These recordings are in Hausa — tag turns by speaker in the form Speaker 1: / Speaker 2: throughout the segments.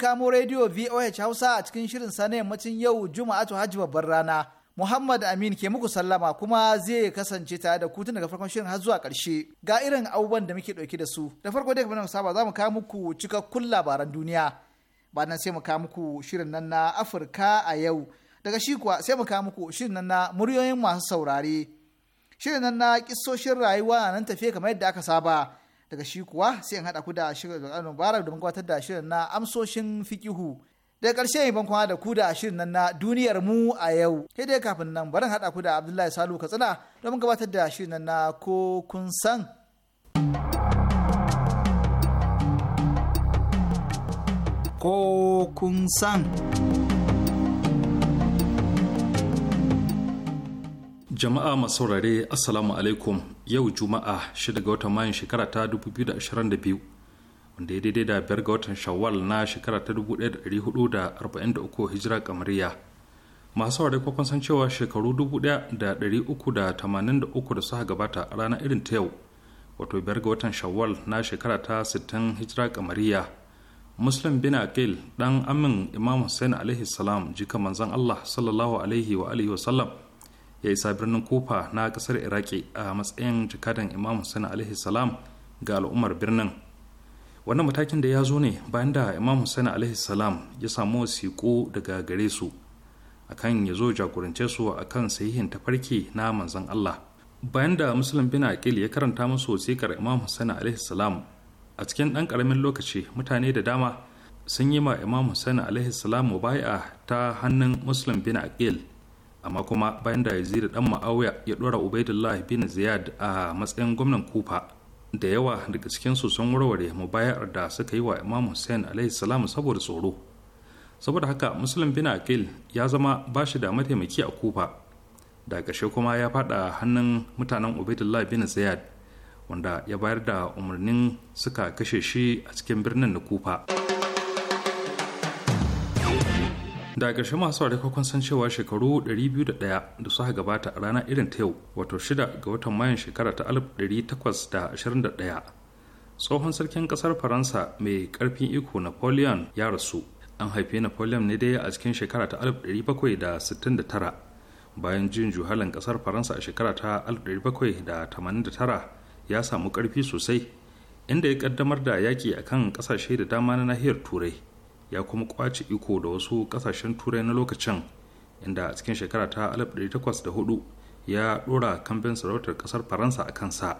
Speaker 1: kamo rediyo VOH Hausa a cikin shirin sa na yammacin yau Juma'atu Hajji babbar rana. Muhammad Amin ke muku sallama kuma zai kasance tare da kutun daga farkon shirin har zuwa ƙarshe. Ga irin abubuwan da muke ɗauke da su. Da farko dai kamar saba za mu kawo muku cikakkun labaran duniya. Ba nan sai mu kawo muku shirin nan na Afirka a yau. Daga shi kuwa sai mu kawo muku shirin nan na muryoyin masu saurare. Shirin nan na kissoshin rayuwa nan tafiye kamar yadda aka saba. daga shi kuwa sai in haɗa ku da shirin Zulkarnain Mubarak domin gabatar da shirin na amsoshin fikihu. Daga ƙarshe ban kwana da ku da shirin nan na duniyar mu a yau. Kai dai kafin nan barin haɗa ku da Abdullahi Salu Katsina domin gabatar da shirin nan na ko kun san. Ko kun san.
Speaker 2: Jama'a masaurare Assalamu alaikum yau juma'a 6 ga watan mayun shekara ta 2022 wanda ya daidai da biyar ga watan shawwal na shekara ta 1443 hijira kamariya masu ware kwakwan san cewa shekaru 1383 da suka gabata a ranar irin ta yau wato biyar ga watan shawwal na shekara ta 60 hijira kamariya muslim bin Akil, dan amin imam hussein alaihi salam jika manzan allah sallallahu alaihi wa alihi wa sallam ya isa birnin kufa na kasar iraki a matsayin jakadan imam hussein alaihi salam ga al'ummar birnin wannan matakin da ya zo ne bayan da imam hussein alaihi salam ya samu wasiƙo daga gare su akan ya zo jagorance su akan sahihin tafarki na manzon allah bayan da muslim bin aqil ya karanta masu wasiƙar imam hussein alaihi salam a cikin ɗan ƙaramin lokaci mutane da dama sun yi ma imam hussein alaihi salam mubaya ta hannun muslim bin aqil amma kuma bayan da yazid dan ma'auya ya dora ubaidullah bin ziyad a matsayin gwamnan kufa da yawa daga cikin su sun warware mubayar da suka yi wa imam hussein alaihi salam saboda tsoro saboda haka muslim bin akil ya zama ba shi da mataimaki a kufa da ƙarshe kuma ya fada hannun mutanen ubaidullah bin ziyad wanda ya bayar da umarnin suka kashe shi a cikin birnin na kufa. da ƙarshe masu ware kun san cewa shekaru 201 da suka gabata a rana irin ta yau wato shida ga watan mayan shekara ta 1821 tsohon sarkin ƙasar faransa mai ƙarfin iko napoleon ya rasu an haife napoleon ne dai a cikin shekara ta 1769 bayan jin juhalin ƙasar faransa a shekara ta 1789 ya samu ƙarfi sosai inda ya ƙaddamar da yaƙi akan ƙasashe da dama na nahiyar turai ya kuma kwace iko da wasu kasashen turai na lokacin inda a cikin shekara ta 1804 ya dora kamben sarautar kasar faransa a kansa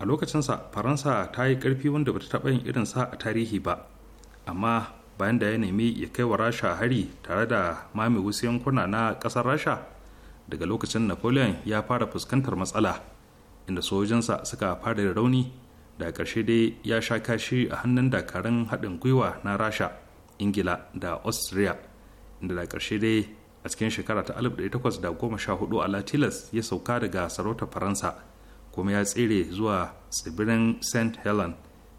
Speaker 2: a lokacinsa faransa ta yi karfi wanda bata taɓa yin irinsa a tarihi ba amma bayan da ya nemi ya kai wa rasha hari tare da mame wasu yankuna na ƙasar rasha daga lokacin napoleon ya fara fuskantar matsala inda sojojinsa suka fara rauni da ƙarshe dai ya sha kashi a hannun dakarun haɗin gwiwa na rasha ingila da austria inda da karshe dai a cikin shekara ta 1814 latilas ya sauka daga sarauta faransa kuma ya tsere zuwa tsibirin st helen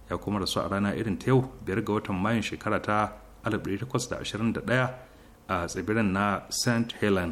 Speaker 2: ya kuma rasu a rana irin ta yau biyar ga watan mayun shekara ta 1821 a tsibirin na st helen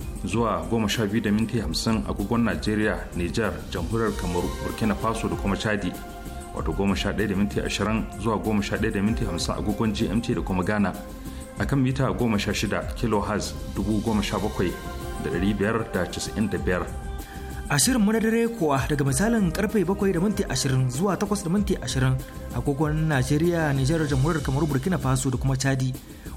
Speaker 2: zuwa biyu da minti 50 agogon najeriya niger jamhuriyar kamaru burkina faso da kuma chadi wato ɗaya da minti ashirin zuwa ɗaya da minti 50 agogon gmt da kuma ghana a kan mita 16 kilohertz 17,595 biyar.
Speaker 1: A shirin madadare, kuwa daga misalin karfe bakwai da minti ashirin zuwa takwas da minti 20 agogon najeriya nijar jamhuriyar kamaru burkina faso da kuma chadi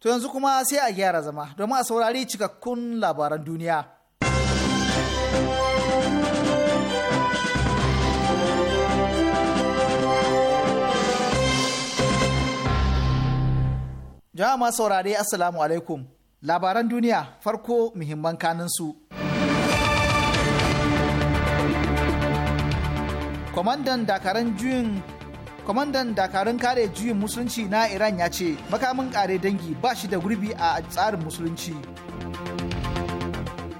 Speaker 1: To yanzu kuma sai a gyara zama domin a saurari cikakkun labaran duniya. Jama'a saurari Assalamu alaikum. Labaran duniya farko muhimman kaninsu. Kwamandan dakaran juyin kwamandan dakarun kare juyin musulunci na iran ya ce makamin kare dangi ba shi da gurbi a tsarin musulunci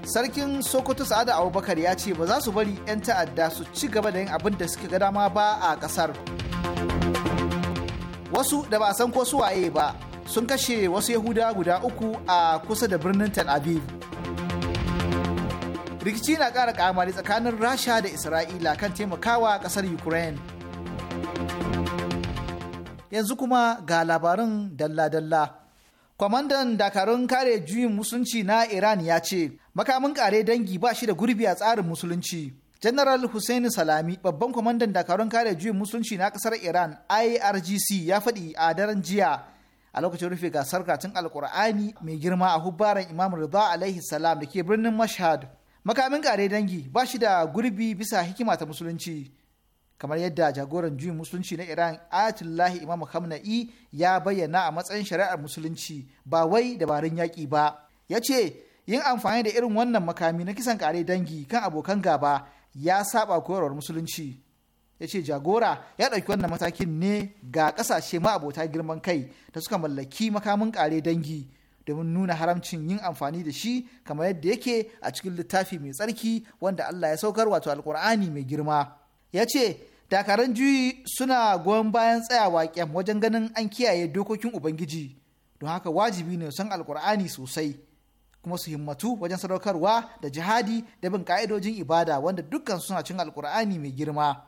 Speaker 1: sarkin sokoto sa'ada abubakar ya ce ba za su bari 'yan ta'adda su ci gaba da yin abin da suke ga dama ba a kasar wasu da ba san ko su waye ba sun kashe wasu yahuda guda uku a kusa da birnin tel aviv rikici na kara kamari tsakanin rasha da isra'ila kan taimakawa kasar ukraine yanzu kuma ga labarin dalla-dalla. Kwamandan dakarun kare juyin musulunci na Iran ya ce, makamin kare dangi ba shi da gurbi a tsarin musulunci. General Hussein Salami, babban kwamandan dakarun kare juyin musulunci na kasar Iran IRGC ya faɗi a daren jiya a lokacin rufe gasar katin Alkur'ani mai girma a hubbaran Imam Rida alaihi salam da ke birnin Mashhad. Makamin kare dangi ba shi da gurbi bisa hikima ta musulunci. kamar yadda jagoran juyin musulunci na iran ayatullahi imam khamenei ya bayyana a matsayin shari'ar musulunci ba wai dabarun yaƙi ba ya ce yin amfani da irin wannan makami na kisan kare dangi kan abokan gaba ya saba koyarwar musulunci ya ce jagora ya ɗauki wannan matakin ne ga ƙasashe ma'abota girman kai da suka mallaki makamin ƙare dangi domin nuna haramcin yin amfani da shi kamar yadda yake a cikin littafi mai tsarki wanda Allah ya saukar wato alkur'ani mai girma ya ce dakaran juyi suna goyon bayan tsayawa kyam wajen ganin an kiyaye dokokin ubangiji don haka wajibi ne san alkur'ani sosai kuma su himmatu wajen sadaukarwa da jihadi da bin ka'idojin ibada wanda dukkan suna cin alkur'ani mai girma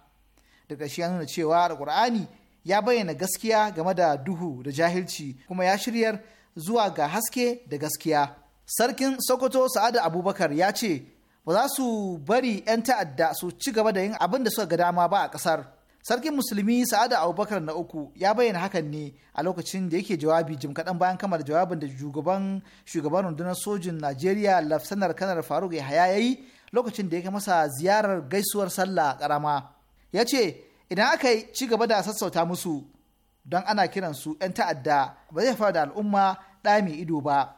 Speaker 1: da ƙarshe ya nuna cewa alkur'ani ya bayyana gaskiya game da duhu da jahilci kuma ya shiryar zuwa ga haske da gaskiya sarkin sokoto sa'ada abubakar ya ce ba za su bari 'yan ta'adda su ci gaba da yin abin da suka ga dama ba a ƙasar. Sarkin Musulmi Sa'ada Abubakar na uku ya bayyana hakan ne a lokacin da yake jawabi jim kaɗan bayan kamar jawabin da shugaban shugaban rundunar sojin Najeriya Lafsanar Kanar Faruk Yahaya ya yi lokacin da ya masa ziyarar gaisuwar sallah ƙarama. Ya ce idan aka yi ci gaba da sassauta musu don ana kiransu 'yan ta'adda ba zai fara da al'umma ɗa mai ido ba.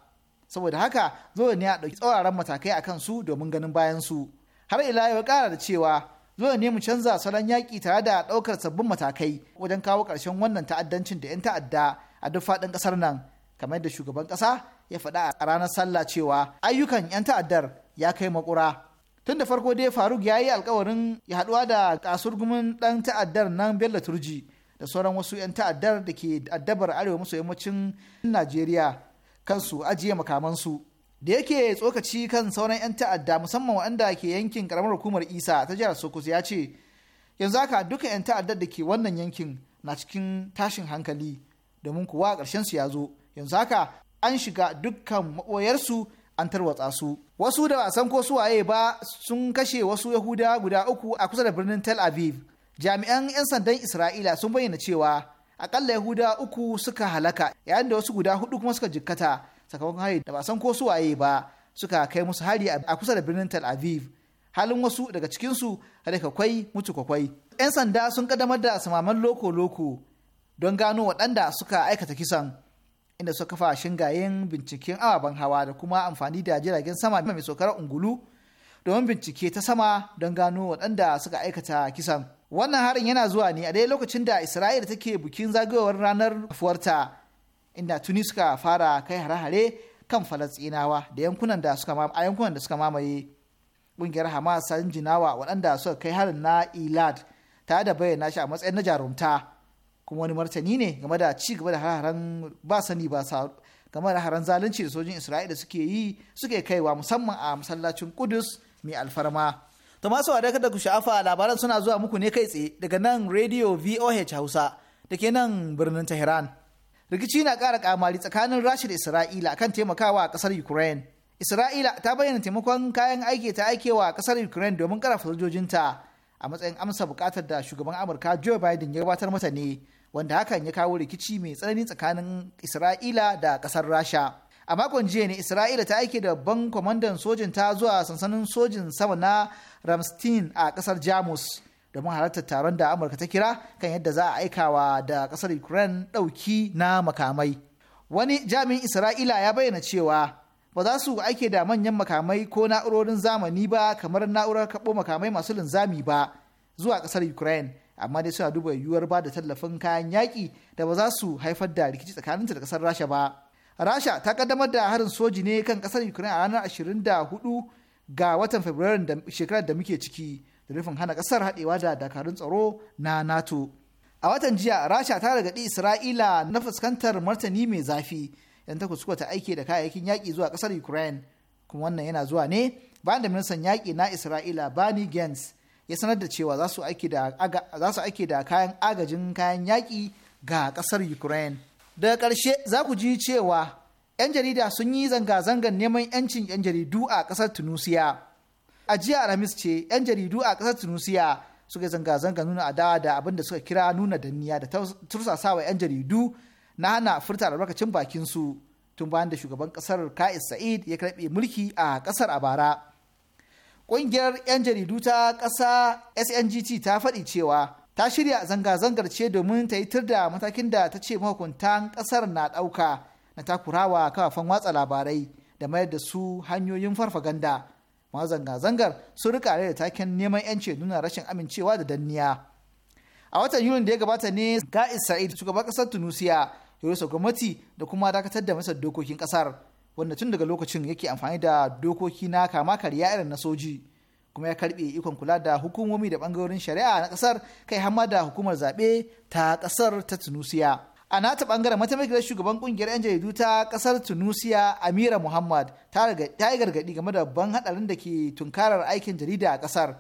Speaker 1: saboda haka zuwa ne a ɗauki tsauraran matakai akan su domin ganin bayan su har ila ya ƙara da cewa zuwa ne mu canza salon yaƙi tare da ɗaukar sabbin matakai wajen kawo ƙarshen wannan ta'addancin da 'yan ta'adda a duk faɗin ƙasar nan kamar yadda shugaban ƙasa ya faɗa a ranar sallah cewa ayyukan 'yan ta'addar ya kai makura tun da farko dai faruk ya yi alkawarin ya haɗuwa da kasurgumin ɗan ta'addar nan bello turji da sauran wasu 'yan ta'addar da ke addabar arewa maso yammacin najeriya kansu ajiye makamansu da yake tsokaci kan sauran 'yan ta'adda musamman wanda ke yankin karamar hukumar isa ta jihar sokoto ya ce yanzu haka duka 'yan ta'addar da ke wannan yankin na cikin tashin hankali domin kuwa ƙarshen su ya zo yanzu haka an shiga dukkan maɓoyarsu an tarwatsa su wasu da ba san ko su waye ba sun kashe wasu yahuda guda uku a kusa da birnin tel aviv jami'an 'yan sandan isra'ila sun bayyana cewa akalla yahuda uku suka halaka yayin da wasu guda hudu kuma suka jikkata sakamakon hari da ba san ko su waye ba suka kai musu hari a kusa da birnin tel aviv halin wasu daga cikinsu ka kwai mutu kwai. 'yan sanda sun kaddamar da samaman loko-loko don gano waɗanda suka aikata kisan inda suka kafa shingayen binciken ababen hawa da kuma amfani da jiragen sama mai saukar ungulu domin bincike ta sama don gano waɗanda suka aikata kisan wannan harin yana zuwa ne a dai lokacin da isra'ila take bikin zagayowar ranar kafuwarta inda tuni suka fara kai hare-hare kan falastinawa da yankunan da suka a yankunan da suka mamaye kungiyar hamas san jinawa waɗanda suka kai harin na ilad tare da bayyana shi a matsayin na jarumta kuma wani martani ne game da ci gaba da hare ba sani ba sa game da haren zalunci da sojin isra'ila suke yi suke kaiwa musamman a masallacin kudus mai alfarma To masu wa da ku sha'afa labaran suna zuwa muku ne kai tsaye daga nan Radio VOH Hausa da ke nan birnin Tehran. Rikici na ƙara kamari tsakanin Rasha da Isra'ila kan taimakawa a ƙasar Ukraine. Isra'ila ta bayyana taimakon kayan aiki ta aikewa a ƙasar Ukraine domin ƙarfafa sojojinta a matsayin amsa buƙatar da shugaban Amurka Joe Biden ya gabatar mata ne wanda hakan ya kawo rikici mai tsanani tsakanin Isra'ila da ƙasar Rasha. a makon jiya ne isra'ila ta aike da babban kwamandan sojin ta zuwa sansanin sojin sama na ramstein a kasar jamus domin halartar taron da amurka ta kira kan yadda za a aikawa da kasar ukraine ɗauki na makamai wani jami'in isra'ila ya bayyana cewa ba za su aike da manyan makamai ko na'urorin zamani ba kamar na'urar kaɓo makamai masu linzami ba zuwa kasar ukraine amma dai suna duba yiwuwar ba da tallafin kayan yaƙi da ba za su haifar da rikici tsakaninta da kasar rasha ba rasha ta kaddamar da harin soji ne kan kasar ukraine a ranar 24 ga watan fabrairun shekarar da muke ciki da nufin hana kasar haɗewa da dakarun tsaro na nato a watan jiya rasha ta gargaɗi isra'ila na fuskantar martani mai zafi yan ta kusurwa ta aiki da kayayyakin yaƙi zuwa kasar ukraine kuma wannan yana zuwa ne bayan da ministan yaƙi na isra'ila bani gens ya sanar da cewa za su aike da kayan agajin kayan yaƙi ga kasar ukraine daga ƙarshe za ku ji cewa 'yan jarida sun yi zanga-zangar neman 'yancin 'yan jaridu a ƙasar tunusiya a jiya alhamis ce 'yan jaridu a ƙasar tunusiya suka yi zanga-zangar nuna adawa da abin da suka kira nuna danniya da tursasawa 'yan jaridu na hana furta albarkacin bakin su tun bayan da shugaban ƙasar ka'is sa'id ya karɓe mulki a ƙasar a bara ƙungiyar 'yan jaridu ta ƙasa sngt ta faɗi cewa ta shirya zanga-zangar ce domin ta yi tir da matakin da ta ce mahukuntan ƙasar na ɗauka na takurawa kafafen watsa labarai da mayar da su hanyoyin farfaganda ma zanga-zangar sun rika da taken neman 'yanci nuna rashin amincewa da danniya a watan yulin da ya gabata ne ga isra'il shugaban ƙasar tunisia ya rusa gwamnati da kuma dakatar da masa dokokin ƙasar wanda tun daga lokacin yake amfani da dokoki na kama karya irin na soji kuma ya karbe ikon kula da hukumomi da bangarorin shari'a na kasar kai hama da hukumar zaɓe ta kasar ta tunusiya a nata bangaren mataimakiyar shugaban kungiyar 'yan jaridu ta kasar tunusiya amira muhammad ta yi gargaɗi game da ban haɗarin da ke tunkarar aikin jarida a kasar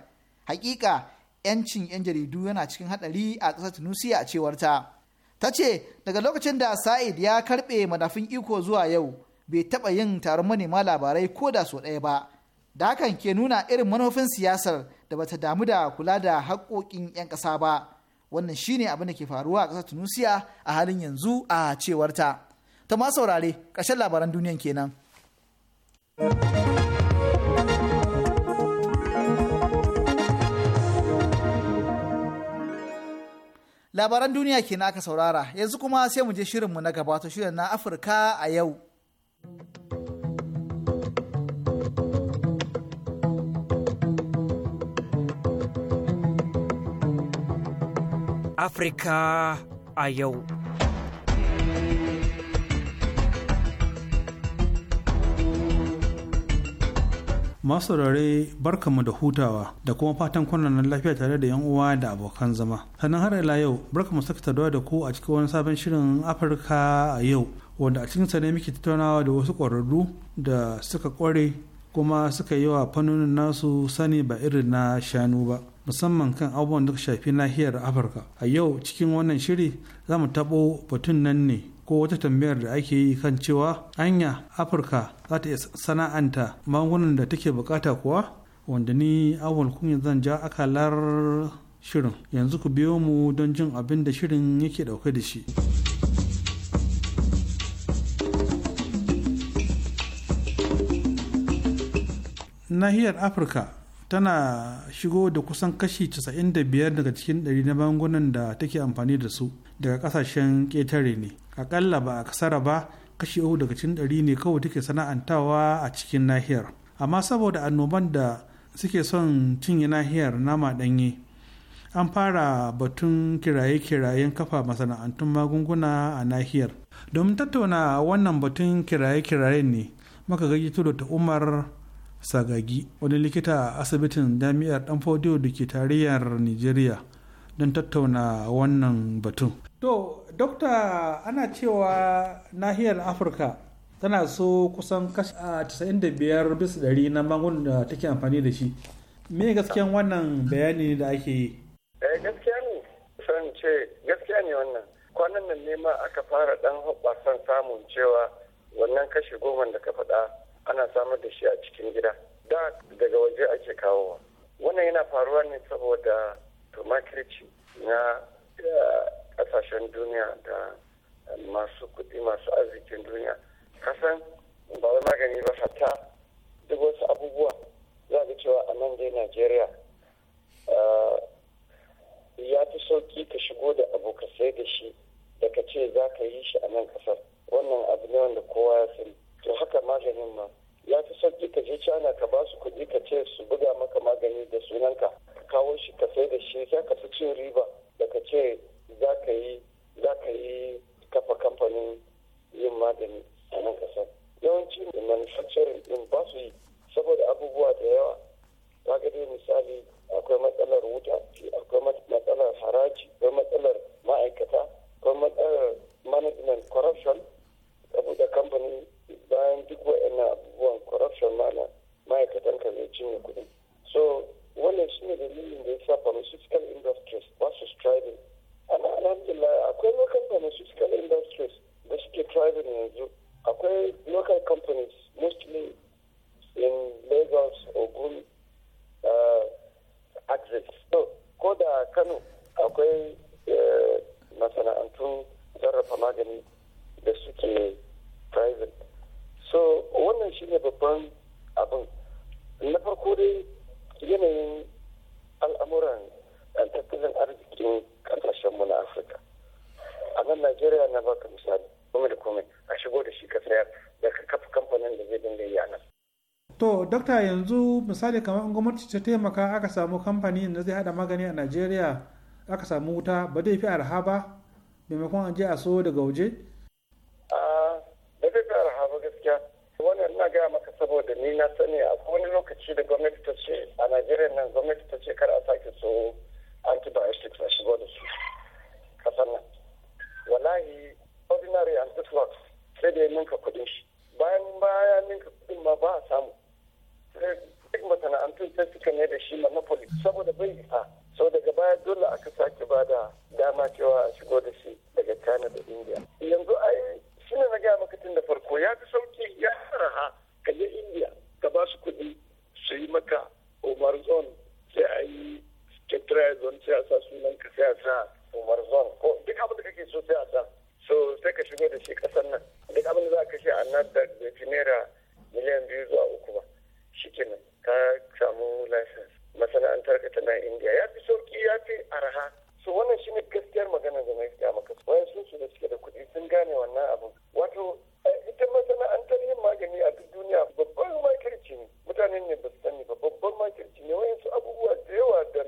Speaker 1: hakika 'yancin 'yan jaridu yana cikin haɗari a kasar tunusiya a cewar ta ta ce daga lokacin da sa'id ya karbe madafin iko zuwa yau bai taɓa yin taron manema labarai ko da sau ɗaya ba da hakan ke nuna irin manufofin siyasar da bata damu da kula da haƙoƙin 'yan ƙasa ba wannan shine abin da ke faruwa a ƙasar tunisia a halin yanzu a cewarta ta ma saurare ƙarshen labaran duniyan kenan labaran duniya kenan aka saurara yanzu kuma sai mu je shirinmu na gabata shirin na afirka a yau
Speaker 2: Afirka a yau.
Speaker 3: Masu rare barkamu da hutawa da kuma fatan kwanan lafiya tare da yan uwa da abokan zama. Sannan har ila yau barkamu saka tadowa da ku a cikin wani sabon shirin Afirka a yau wanda a cikinsa ne muke tattaunawa da wasu ƙwararru da suka ƙware kuma suka yi wa fannonin nasu sani ba irin na shanu ba. musamman kan abubuwan da shafi nahiyar afirka a yau cikin wannan shiri za mu taɓo batun nan ne ko wata tambayar da ake yi kan cewa anya afirka za ta iya sana'anta magungunan da take bukata kuwa wanda ni awon kunya zan ja akalar shirin yanzu ku biyo mu don jin abin da shirin yake dauke da shi nahiyar afirka tana shigo da kusan kashi 95 daga cikin ɗari na bangunan da take amfani da su daga kasashen ketare ne akalla ba a kasara ba kashi 3 daga cikin ɗari ne kawai take sana'antawa a cikin nahiyar amma saboda annoban da suke son cinye nahiyar nama ɗanye an fara batun kiraye-kirayen kafa masana'antun magunguna a nahiyar domin tattauna wannan batun kiraye-kirayen ne muka gayyato da umar sagagi wani likita a asibitin jami'ar dan fodiyo da ke tarayyar nigeria don tattauna wannan batun to dokta ana cewa nahiyar afirka tana so kusan kashi 95 bis 100 na magun da take amfani da shi me gaskiyan wannan bayani da ake yi
Speaker 4: eh, gaskiya ne san ce gaskiya ne wannan kwanan nan ne ma aka fara dan hoɓasan samun cewa wannan kashi goma da ka faɗa ana samar da shi a cikin gida da daga waje ake kawo wannan yana faruwa ne saboda tumakirci na kasashen eh, duniya da masu kuɗi masu arzikin duniya kasan ba wai magani ba hatta duk wasu abubuwa za ga cewa a nan dai najeriya eh, ya fi sauki ka shigo da abu ka sai da shi da ka ce za ka yi shi a nan kasar wannan abu ne wanda kowa ya sani to haka maganin ma ya fi sauki ka je cana ka ba su kuɗi ka ce su buga maka magani da sunanka ka kawo shi ka sai da shi sai ka fi cin riba da ka ce za ka yi za ka yi kafa kamfanin yin magani a nan kasar yawanci manufacturing din ba su yi saboda abubuwa da yawa ta dai misali akwai matsalar wuta akwai matsalar haraji akwai matsalar ma'aikata akwai matsalar management corruption da kamfanin bayan duk wa'annan abubuwan corruption mana ma'aikatan ka zai cinye kuɗi so wannan shi ne dalilin da ya sa pharmaceutical industries ba su striving ana alhamdulillah akwai local pharmaceutical industries da suke thriving yanzu akwai local companies mostly in lagos ogun uh, access so ko da kano akwai eh, masana'antun sarrafa magani da suke private so wannan shi ne babban abin na farko dai yanayin al'amuran eh, tattalin arzikin mu na afirka a nan najeriya na baka misali kome da kome a shigo da shi ka sayar da ka kafa kamfanin da zai dinga yi a nan
Speaker 3: to dokta yanzu misali kamar gwamnati ta taimaka aka samu kamfanin da zai hada magani a najeriya aka samu wuta ba zai fi arha ba maimakon an je a so daga waje
Speaker 4: ina gaya maka saboda ni na sani a wani lokaci da gwamnati ta ce a najeriya nan gwamnati ta ce kar a sake so antibiotics a shigo da su kasar nan wallahi ordinary antibiotics sai da ya ninka kudin shi bayan baya ninka kudin ma ba a samu duk masana'antun sai suka ne da shi monopoly saboda bai isa sau daga baya dole aka sake ba da dama cewa a shigo da shi daga china da india yanzu ai shi ne na gaya maka tun da farko ya fi sauki ya faraha ka je india ka ba su kuɗi su yi maka umar zone sai a yi ketra zone sai a sa sunan ka sai a sa umar zone ko duk abin da kake so sai a sa so sai ka shigo da shi kasan nan duk abin da za ka shi a nan da naira miliyan biyu zuwa uku ba shi kenan ka samu license masana'antar ka ta na india ya fi sauki ya fi arha su wannan ne gaskiyar magana da na gaya maka bayan sun su da suke da kuɗi sun gane wannan abu wato eh, ita masana'antar yin magani a duk duniya babban makirci ne mutanen ne ba su sani ba babban makirci ne wayansu abubuwa da yawa da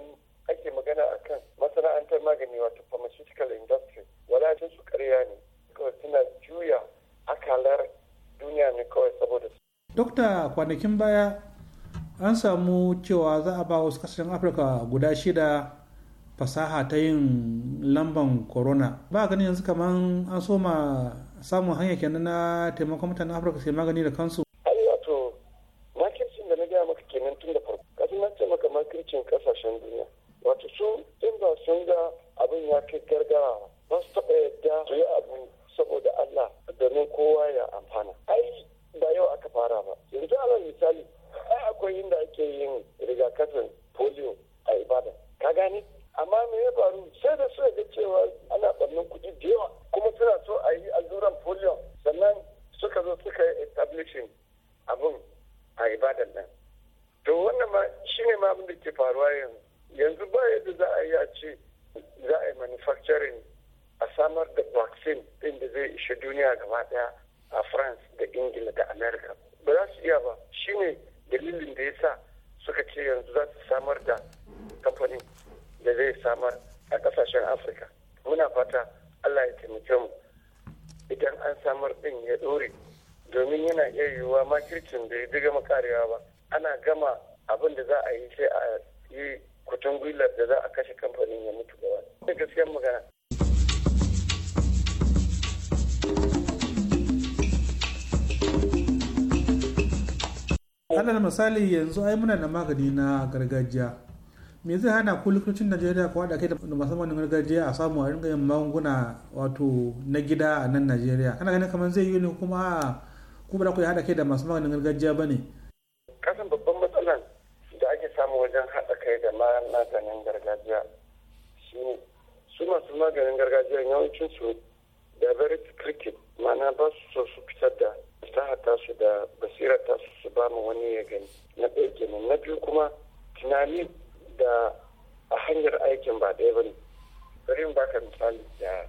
Speaker 4: ake magana a kan masana'antar magani wato pharmaceutical industry wala su karya ne kawai suna juya akalar duniya ne kawai saboda su.
Speaker 3: Dokta kwanakin baya an samu cewa za a ba wasu kasashen Afirka guda shida fasaha ta yin lamban corona ba ganin yanzu kamar an soma samun hanyar kenan na taimakon mutanen afirka sai magani da kansu
Speaker 4: na gaya maka da makircin kasashen duniya wato su in ba sun ga abin ya kai gargara ba su taɓa yadda su yi abu
Speaker 3: misali yanzu ai muna da magani na gargajiya me zai hana ku likitocin najeriya ku haɗa kai da masu maganin gargajiya a samu a ringa yin magunguna wato na gida a nan najeriya ana ganin kamar zai yi ne kuma ku ba ku haɗa kai da masu maganin gargajiya ba
Speaker 4: ne. kasan babban matsalar da ake samu wajen haɗa kai da maganin gargajiya ne su masu maganin gargajiya yawancin su da very cricket ma'ana ba su so su fitar da fasaha su da basira tasu su ba mu wani ya gani na ɗaya kenan na biyu kuma tunani da a hanyar aikin ba ɗaya bane bari mu baka misali da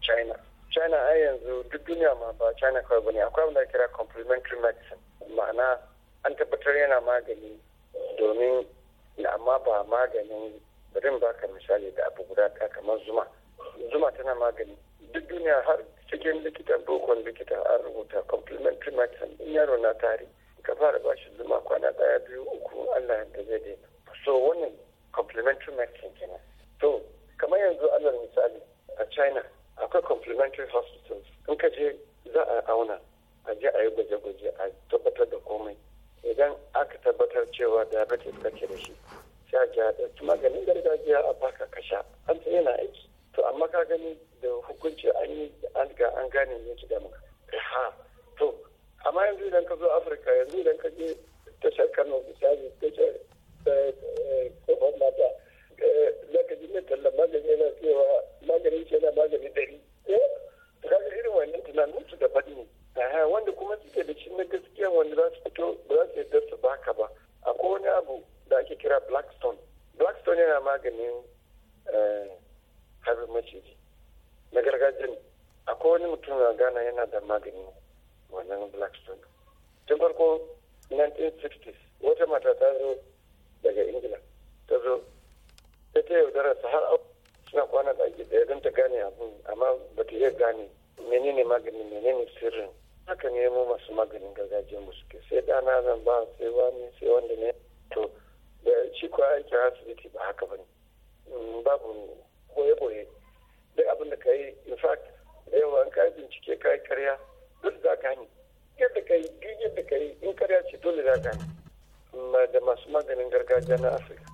Speaker 4: china china a yanzu duk duniya ma ba china kawai bane akwai wanda kira complementary medicine ma'ana an tabbatar yana magani domin amma ba maganin bari baka misali da abu guda ɗaya kamar zuma zuma tana magani duk duniya har cikin likitan bukon likita an rubuta complementary medicine in yaro na tari ka fara ba shi zuma kwana daya biyu uku allah da zai daina so wannan complementary medicine kenan to kamar yanzu allah misali a china akwai complementary hospitals in ka je za a auna a je a yi gwaje-gwaje a tabbatar da komai idan aka tabbatar cewa diabetes kake da shi sai a ji a maganin gargajiya a baka kasha an yana aiki to amma ka gani da hukunci an yi an ga an gane ne ki dama ha to amma yanzu idan ka zo afirka yanzu idan ka je tashar kano misali tashar eh, eh, kofar mata eh, za ka ji mai tallan magani yana cewa magani ce na magani ɗari to ga irin wannan tunanin su daban ne wanda kuma suke da shi na gaskiya wanda za su fito ba za su yarda su baka ba akwai wani abu da ake kira blackstone blackstone yana maganin harbin maciji na gargajiya ne akwai wani mutum a ghana yana da magani wannan blackstone tun farko 1960s wata mata ta zo daga ingila ta zo ta ta yaudara su har suna kwana ɗaki ɗaya don ta gane abu amma ba ta iya gane menene magani menene sirrin haka ne mu masu maganin gargajiya mu suke sai ɗana zan ba sai wani sai wanda ne to da shi ko a asibiti ba haka ba ne mm, babu koye-koye duk abin da ka yi in fact da yawa an ka bincike ka yi karya duk za ka hani yadda ka yi duk yadda ka yi in karya ce dole za ka hani da masu maganin gargajiya na afirka.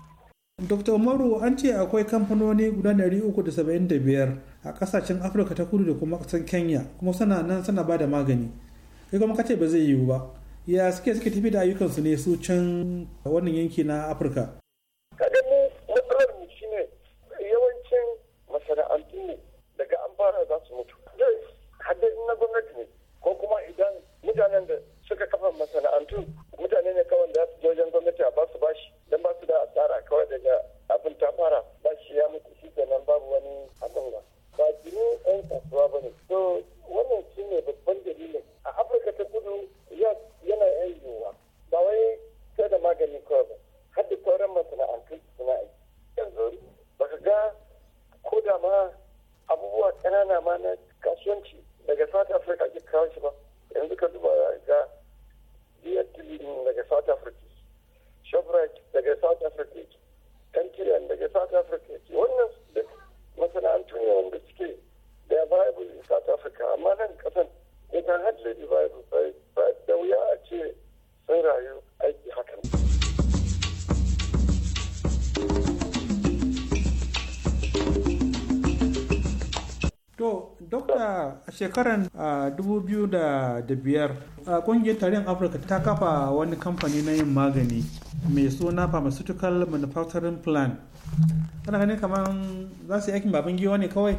Speaker 3: dr umaru an ce akwai kamfanoni guda 375 a kasashen afirka ta kudu da kuma kasan kenya kuma suna nan suna ba da magani kai kuma ka ce ba zai yiwu ba ya suke suke tafi da ayyukansu ne su can wannan yanki na afirka shekarar 2005 kungiyar tarihin afirka ta kafa wani kamfani na yin magani mai suna pharmaceutical manufacturing plan ana ganin kamar za su yi aikin baban giwa ne kawai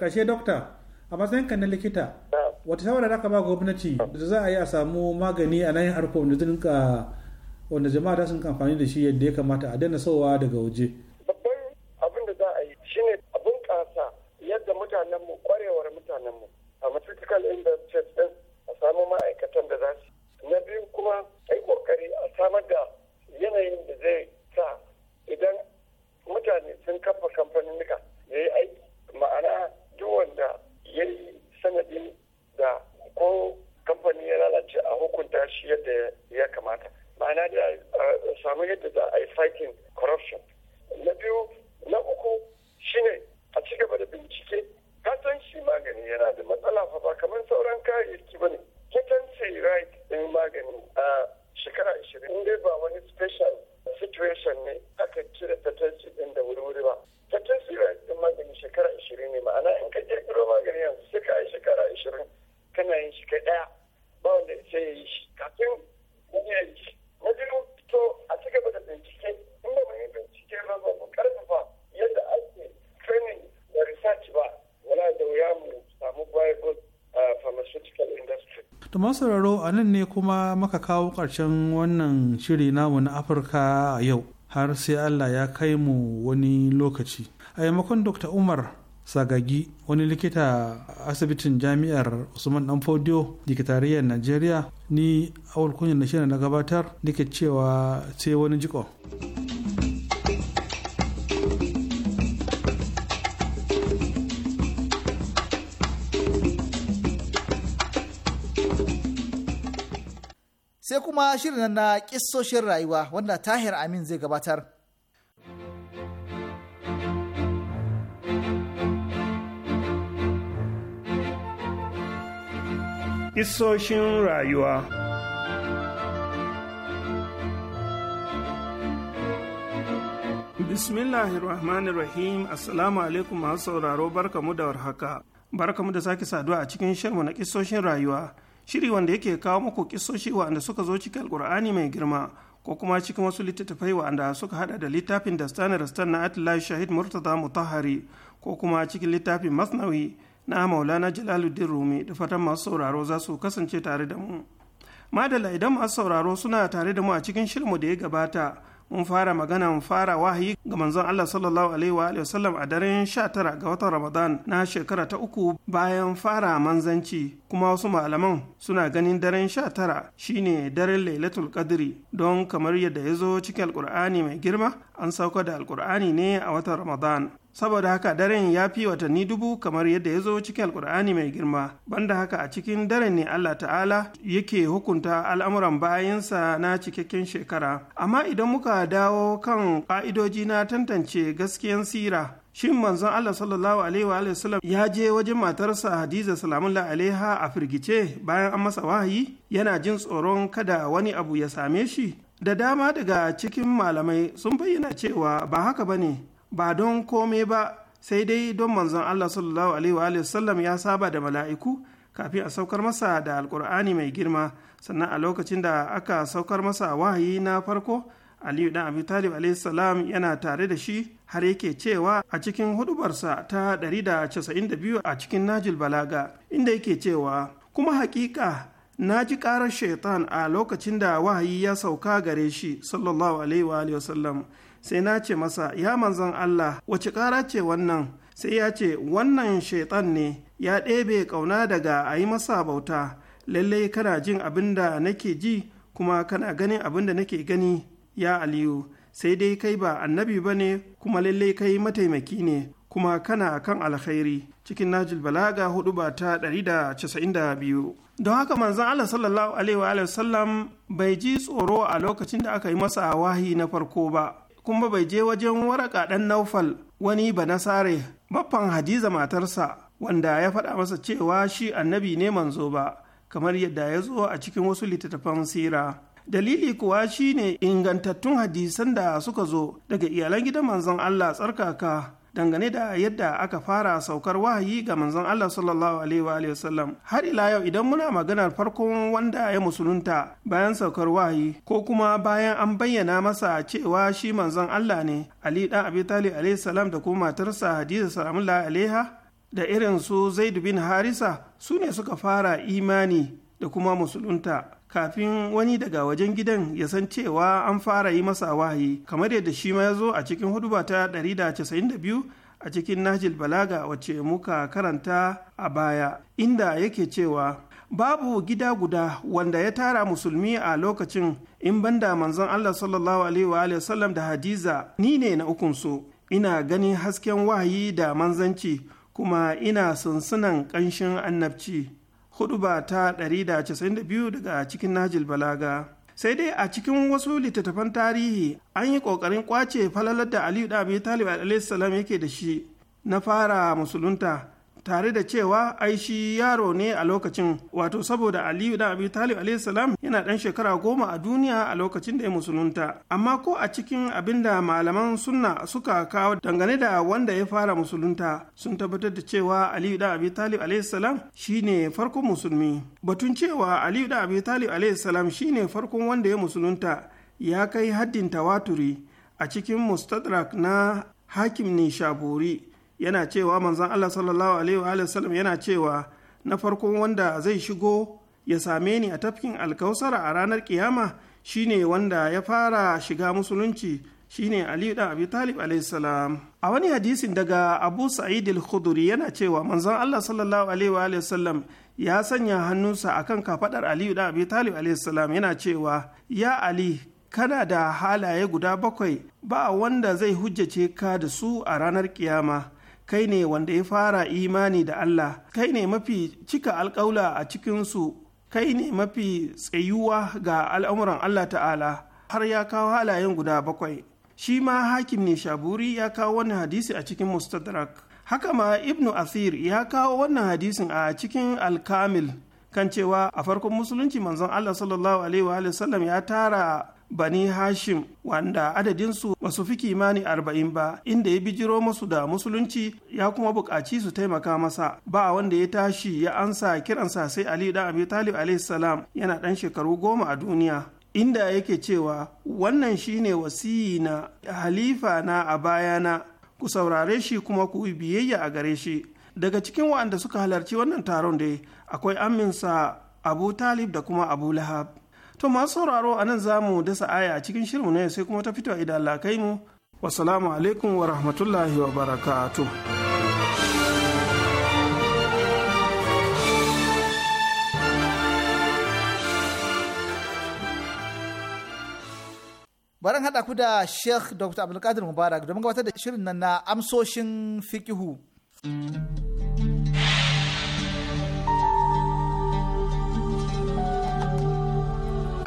Speaker 3: ƙarshe dokta a matsayinka na likita wata shawara da aka ba gwamnati da za a yi a samu magani a nan harkar wanda jama'a ta sun amfani da shi yadda ya kamata a daina sowa daga waje masu a nan ne kuma maka kawo ƙarshen wannan shiri namu na afirka a yau har sai allah ya kai mu wani lokaci a yamakon dr umar sagagi wani likita a asibitin jami'ar usman dan fodiyo dikitariyar najeriya ni a kunyar na shirin na gabatar nake cewa sai wani jiko.
Speaker 1: kuma shirin na kissoshin rayuwa wanda tahir amin zai gabatar
Speaker 5: Isoshin rayuwa Bismillahirrahmanirrahim Assalamu alaikum masu sauraro barkamu da warhaka barkamu da sake saduwa a cikin shirmu na kisoshin rayuwa shiri wanda yake kawo muku kisoshi wa'anda suka zo cikin alkur'ani mai girma ko kuma cikin wasu littattafai wa'anda suka hada da littafin da dastan rastan na atila shahid murtaza mutahari ko kuma cikin littafin masnawi na maulana jalaluddin rumi da fatan masu sauraro za su kasance tare da mu madala idan masu sauraro suna tare da mu a cikin shirmu da ya gabata mun fara magana mun fara wahayi ga manzon Allah sallallahu alaihi wa wasallam a daren 19 ga watan Ramadan na shekara ta uku bayan fara manzanci kuma wasu malaman suna ganin daren 19 shine daren Lailatul Qadri don kamar yadda ya zo cikin Alƙur'ani mai girma an sauka da Alkur'ani ne a watan Ramadan saboda haka daren ya fi watanni dubu kamar yadda ya zo cikin alkur'ani mai girma banda haka a cikin daren ne allah ta'ala yake hukunta al'amuran bayansa na cikakken shekara amma idan muka dawo kan ƙa'idoji na tantance gaskiyan sira shin manzon Allah sallallahu alaihi wa sallam ya je wajen matarsa Hadiza salamullahi alaiha a firgice bayan an masa wahayi yana jin tsoron kada wani abu ya same shi da dama daga cikin malamai sun bayyana cewa ba haka ba ne. ba don kome ba sai dai don manzon Allah sallallahu alaihi wa sallam ya saba da mala'iku kafin a saukar masa da alkur'ani mai girma sannan a lokacin da aka saukar masa wahayi na farko aliyu dan abi talib salam yana tare da shi har yake cewa a cikin hudubarsa ta 192 a cikin najil balaga inda yake cewa kuma hakika na ji karar shaitan a lokacin da wahayi ya sauka gare shi sallallahu alaihi wa sallam sai na ce masa ya manzon Allah wace ƙara ce wannan sai ya ce wannan shaitan ne ya ɗebe ƙauna daga a yi masa bauta lallai kana jin abin da nake ji kuma kana ganin abin da nake gani ya aliyu sai dai kai ba annabi ba ne kuma lallai kai mataimaki ne kuma kana kan alkhairi cikin najil balaga hudu ba ta 192 don haka manzon Allah sallallahu alaihi wa sallam bai ji tsoro a lokacin da aka yi masa wahi na farko ba kuma bai je wajen waraka ɗan naufal wani ba banasare baffan hadiza matarsa wanda ya faɗa masa cewa shi annabi ne manzo ba kamar yadda ya zo a cikin wasu littattafan sira dalili kuwa shine ingantattun hadisan da suka zo daga iyalan gidan manzon Allah tsarkaka dangane da yadda aka fara saukar wahayi ga manzon Allah sallallahu alaihi wasallam har ila yau idan muna maganar farkon wanda ya musulunta bayan saukar wahayi ko kuma bayan an bayyana masa cewa shi manzon Allah ne Ali dan Abi Talib alaihi salam da kuma matarsa Hadiza salamullahi alaiha da irin su Zaid bin Harisa su ne suka fara imani da kuma musulunta kafin wani daga wajen gidan ya san cewa an fara yi masa wahayi kamar yadda shi ma ya zo a cikin huduba ta 192 a cikin najil balaga wacce muka karanta a baya inda yake cewa babu gida guda wanda ya tara musulmi a lokacin in banda manzon Allah sallallahu alaihi wa sallam da hadiza ni ne na ukunsu ina ganin hasken wahayi da manzanci kuma ina sunsunan ƙanshin annabci hudu ba ta 192 daga cikin Najil Balaga. Sai dai a cikin wasu littattafan tarihi an yi ƙoƙarin kwace falalar da Aliyu da Abi Talib yake da shi na fara musulunta tare da cewa ai shi yaro ne a lokacin wato saboda aliyu da abi talib yana dan shekara goma a duniya a lokacin da ya musulunta amma ko a cikin abinda malaman sunna suka kawo dangane da wanda ya fara musulunta sun tabbatar da cewa aliyu da abi talib shine farkon musulmi batun cewa aliyu da abi talib shine farkon wanda ya musulunta ya kai haddin tawaturi a cikin mustadrak na hakim nishaburi yana cewa manzon Allah sallallahu alaihi wa sallam yana cewa na farko wanda zai shigo ya same ni a tafkin alkausara a ranar kiyama shine wanda ya fara shiga musulunci shine Ali da Abi Talib A wani hadisin daga Abu Sa'id al-Khudri yana cewa manzon Allah sallallahu alaihi wa sallam ya sanya hannunsa akan kafadar Ali da Abi Talib yana cewa ya Ali kana da halaye guda bakwai ba wanda zai hujjace ka da su a ranar kiyama kai ne wanda ya fara imani da Allah kai ne mafi cika alƙaula a cikinsu kai ne mafi tsayuwa ga al'amuran Allah ta'ala har ya kawo halayen guda bakwai shi ma hakim ne shaburi ya kawo wannan hadisi a cikin mustadrak haka ma Ibn asir ya kawo wannan hadisin a cikin alkamil kan cewa a farkon musulunci manzon Allah sallallahu alaihi wa sallam ya tara bani hashim wanda adadinsu ba su fi kimani arba'in ba inda ya bijiro masu da musulunci ya kuma buƙaci su taimaka masa ba wanda ya tashi ya ansa kiransa sai ali da abi talib salam yana ɗan shekaru goma a duniya inda yake cewa wannan shine wasiyi na halifa na a bayana ku saurare shi kuma ku biyayya a gare shi daga cikin waɗanda suka halarci wannan taron dai akwai aminsa abu talib da kuma abu lahab To masu sauraro a nan za mu dasa aya a cikin shirin ne sai kuma ta fito idan Allah kai mu. Wasalamu alaikum wa rahmatullahi wa barakatu.
Speaker 1: Baran haɗa ku da Sheikh Dr. Abdulkadir Mubarak domin gabatar da shirin nan na amsoshin fikihu.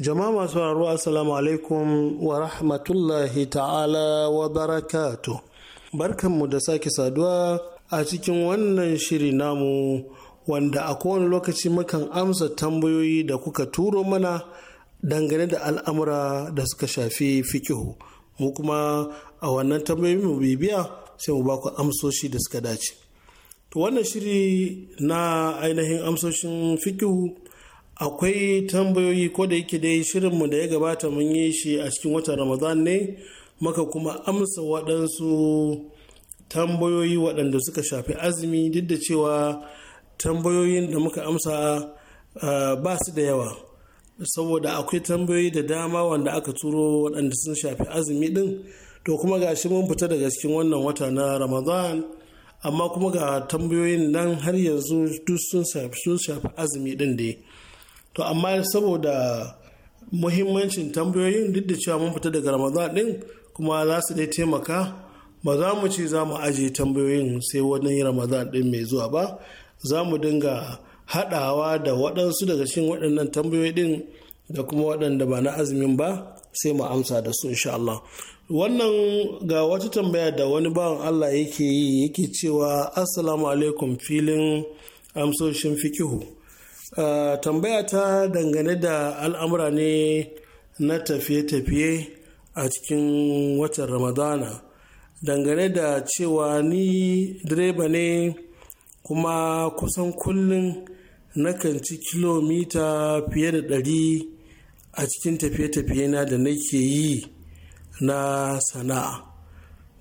Speaker 6: jama'a masu sauraro assalamu alaikum wa rahmatullahi ta'ala wa barakatu barkanmu da sake saduwa a cikin wannan shiri namu wanda a kowane lokaci mukan amsa tambayoyi da kuka turo mana dangane da al'amura da suka shafi fikihu mu kuma a wannan tambayoyi mu bibiya sai mu baku amsoshi da suka dace to wannan shiri na ainihin amsoshin fikihu akwai tambayoyi ko da yake dai shirinmu da ya gabata mun yi shi a cikin watan ramadan ne maka kuma amsa waɗansu tambayoyi waɗanda suka shafi azumi duk da cewa tambayoyin da muka amsa ba su da yawa saboda akwai tambayoyi da dama wanda aka turo waɗanda sun shafi azumi ɗin to kuma ga shi mun fita daga cikin wannan wata na ramadan amma kuma ga tambayoyin nan har yanzu duk sun shafi azumi ɗin dai to amma saboda muhimmancin tambayoyin duk da cewa mun fita daga ramadan din kuma za su dai taimaka ba za mu ce za mu ajiye tambayoyin sai wani ramadan din mai zuwa ba za mu dinga haɗawa da waɗansu daga cikin waɗannan tambayoyi din da kuma waɗanda ba na azumin ba sai mu amsa da su insha Allah wannan ga wata tambaya da wani bawan Allah yake yi yake cewa assalamu alaikum filin amsoshin fikihu tambaya ta dangane da al'amura ne na tafiye-tafiye a cikin watan ramadana dangane da cewa ni direba ne kuma kusan kullum nakan ci kilomita fiye da ɗari a cikin tafiye-tafiye na da nake yi na sana'a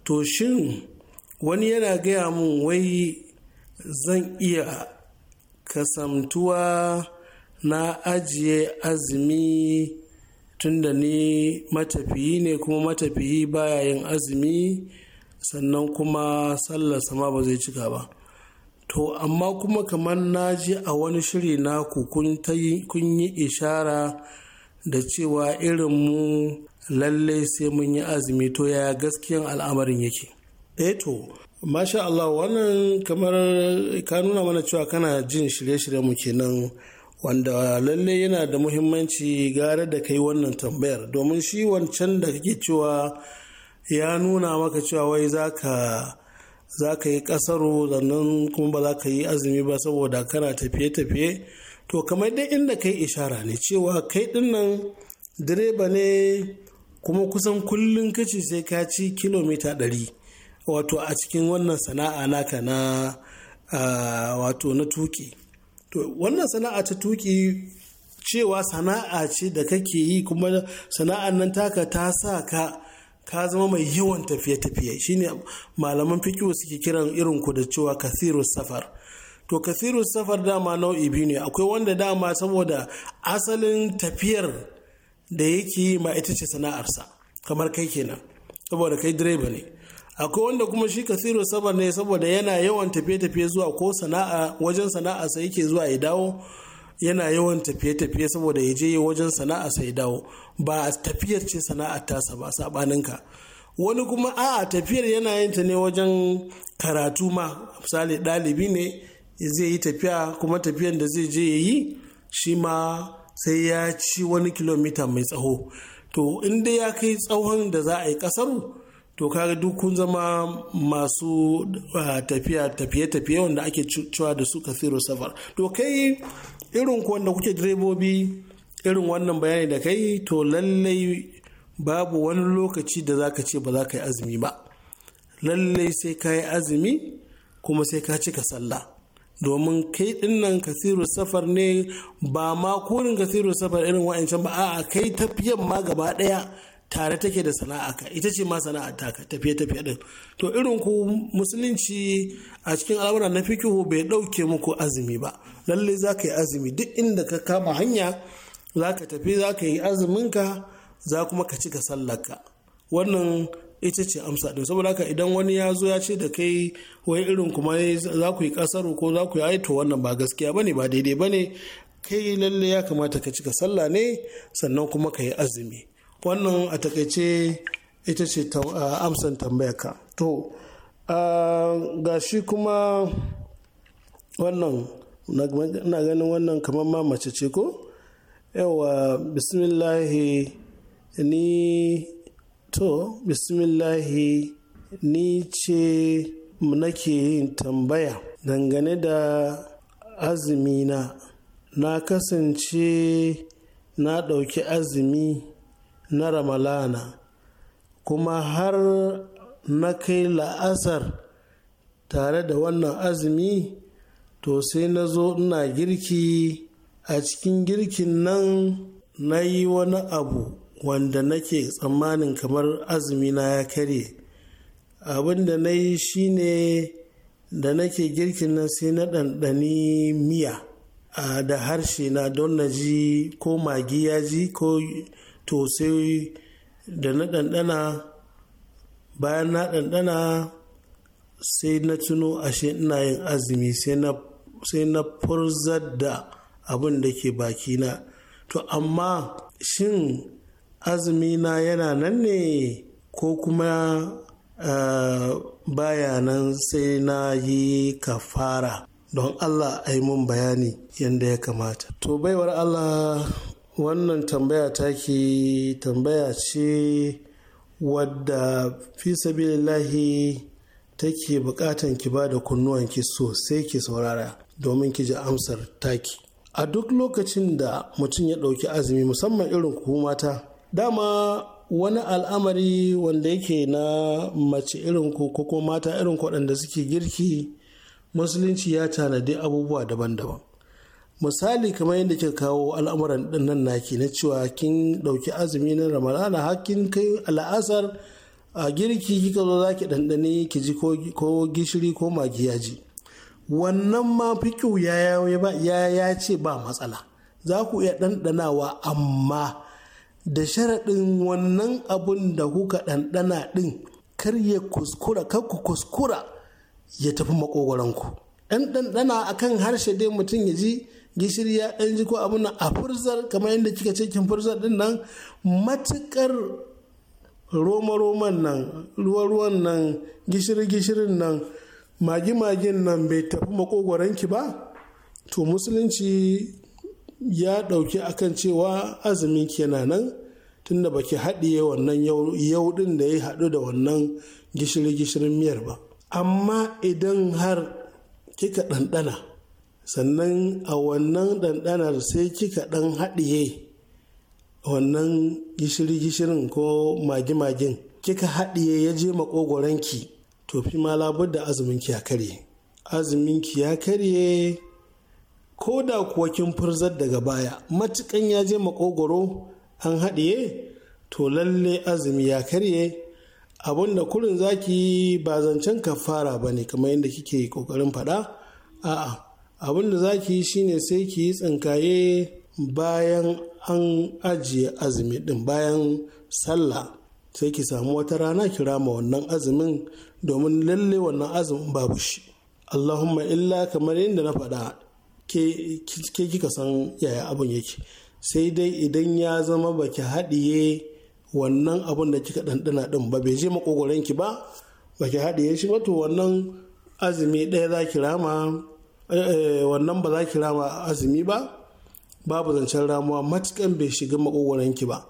Speaker 6: to shin wani yana gaya min wai zan iya kasamtuwa na ajiye azumi tunda ni matafiyi ne kuma matafiyi baya yin azumi sannan kuma sallar sama ba zai cika ba to amma kuma kamar na ji a wani shiri na ku kun yi ishara da cewa irin mu lallai sai mun yi azumi to ya gaskiyan al'amarin yake eto eh Masha Allah wannan kamar ka nuna mana cewa kana jin shirye-shirye mu kenan wanda lalle yana da muhimmanci gara da kai wannan tambayar domin shi wancan da kake cewa ya nuna maka cewa wai zaka za ka yi kasaro sannan kuma ba za ka yi azumi ba saboda kana tafiye-tafiye to kamar dai inda kai ishara ne cewa kai dinnan direba ne kuma kusan kullum kace sai ka ci kilomita ɗari. wato a cikin wannan sana'a naka na wato na tuki to wannan sana'a ta tuki cewa sana'a ce da kake yi kuma sana'an nan taka ta sa ka ka zama mai yawan tafiye-tafiye shine malaman fikiyo suke kiran irin ku da cewa kasiru safar to kasiru safar dama nau'i biyu ne akwai wanda dama saboda asalin tafiyar da yake yi ma ita ce sana'arsa kamar kai kenan saboda kai direba ne akwai wanda kuma shi kasiru sabar ne saboda yana yawan tafiye-tafiye zuwa ko sana'a wajen sana'a sai yake zuwa ya dawo yana yawan tafiye-tafiye saboda ya je wajen sana'a sai dawo ba a tafiyar ce sana'ar tasa ba sabaninka wani kuma a tafiyar yana yin ta ne wajen karatu ma misali ɗalibi ne zai yi tafiya kuma tafiyar da zai je ya yi shi ma sai ya ci wani kilomita mai tsaho to in dai ya kai tsawon da za a yi kasaru to kaga duk kun zama masu ah, tafiya tafiye-tafiye wanda ake cewa da su kasiru safar to kai irin ku wanda kuke direbobi irin wannan bayani da kai to lallai babu wani lokaci da zaka ce ba za ka yi azumi ba lallai sai ka yi azumi kuma sai ka cika sallah domin kai dinnan kasiru safar ne ba ma kurin kasiru safar irin wa'ancan ba a'a kai tafiyan ma gaba daya tare take da sana'a ka ita ce ma sana'a ta ka tafiye tafiye din to irin ku musulunci a cikin al'amura na fikihu bai dauke muku azumi ba lalle za ka yi azumi duk inda ka kama hanya za ka tafi za ka yi azuminka za kuma ka cika ka wannan ita ce amsa din saboda haka idan wani ya zo ya ce da kai wai irin kuma za ku yi kasar ko za ku yi to wannan ba gaskiya bane ba daidai bane kai lalle ya kamata ka cika sallah ne sannan kuma ka yi azumi wannan a takaice ita ce amsan tambayaka, to ga shi kuma wannan na ganin wannan kamar ma mace ce ko yawa bismillahi ni to bismillahi ni ce nake yin tambaya dangane da azumina na kasance na ɗauki azumi na ramalana kuma har na kai la'asar tare da wannan azumi to sai na zo ina girki a cikin girkin nan na yi wani abu wanda nake tsammanin kamar azumi na ya karye abin da na yi shine da nake girkin nan sai na ɗanɗani miya a da harshe na don na ji ko magi ya ji ko to sai da na ɗanɗana bayan na ɗanɗana sai na tuno ashe ina yin azumi sai na furzar da abin da ke bakina to amma shin azumi na yana nan ne ko kuma uh, baya nan sai na yi ka fara? don allah a mun bayani yadda ya kamata to baiwar allah wannan tambaya ta ke tambaya ce wadda fi sabilillahi take bukatan ki ba da kunnuwanki sosai ki saurara domin ki ji amsar taki a duk lokacin da mutum ya ɗauki azumi musamman irin ku mata dama wani al'amari wanda yake na mace irin ku ko mata irin waɗanda suke girki musulunci ya tanadi abubuwa daban-daban misali kamar yadda kika kawo al'amuran dinnan naki na cewa kin ɗauki azumi na ramadana har kai al'asar a girki kika zo zaki ki ki ji ko gishiri ko magi ya ji wannan ma fikiu ya ya ce ba matsala za ku iya ɗanɗanawa amma da sharaɗin wannan abun da kuka ɗanɗana ɗin kar ya kuskura kar ku kuskura ya tafi makogoranku ɗan ɗanɗana akan harshe dai mutum ya ji gishiri ya ɗan ji ko abin nan a furzar kamar yadda kika ce kin furzar din nan matukar roma-roman nan ruwan nan gishiri-gishirin nan magi-magin nan bai tafi makogoranki ba to musulunci ya ɗauki akan cewa azumin kenan nan tunda baki haɗiye wannan yau ɗin da ya haɗu da wannan gishiri-gishirin miyar ba amma idan har kika ɗanɗana sannan a wannan ɗanɗanar sai kika ɗan haɗiye wannan gishiri-gishirin ko magi-magin kika haɗiye ya je maƙogoranki to fi ma labar da azuminki ya karye azuminki ya karye ko da kuwa kin furzar daga baya matukan ya je maƙogoro an haɗiye to lalle azumi ya karye da kurin zaki ba zancen kafara ba ne kamar yadda kike ƙoƙarin faɗa a'a abin da za ki yi shine sai ki yi tsinkaye bayan an ajiye azumi din bayan sallah sai ki samu wata rana ki rama wannan azumin domin lalle wannan azumin babu shi allahumma illa kamar yadda na faɗa ke kika san yaya abin yake sai dai idan ya zama baki haɗiye wannan abin da kika ɗanɗana ɗin ba bai je makogoron ki ba baki haɗiye shi ba to wannan azumi ɗaya za ki rama Eh, eh, wannan ba za ki rama azumi ba babu zancen ramuwa matukan bai shiga ki ba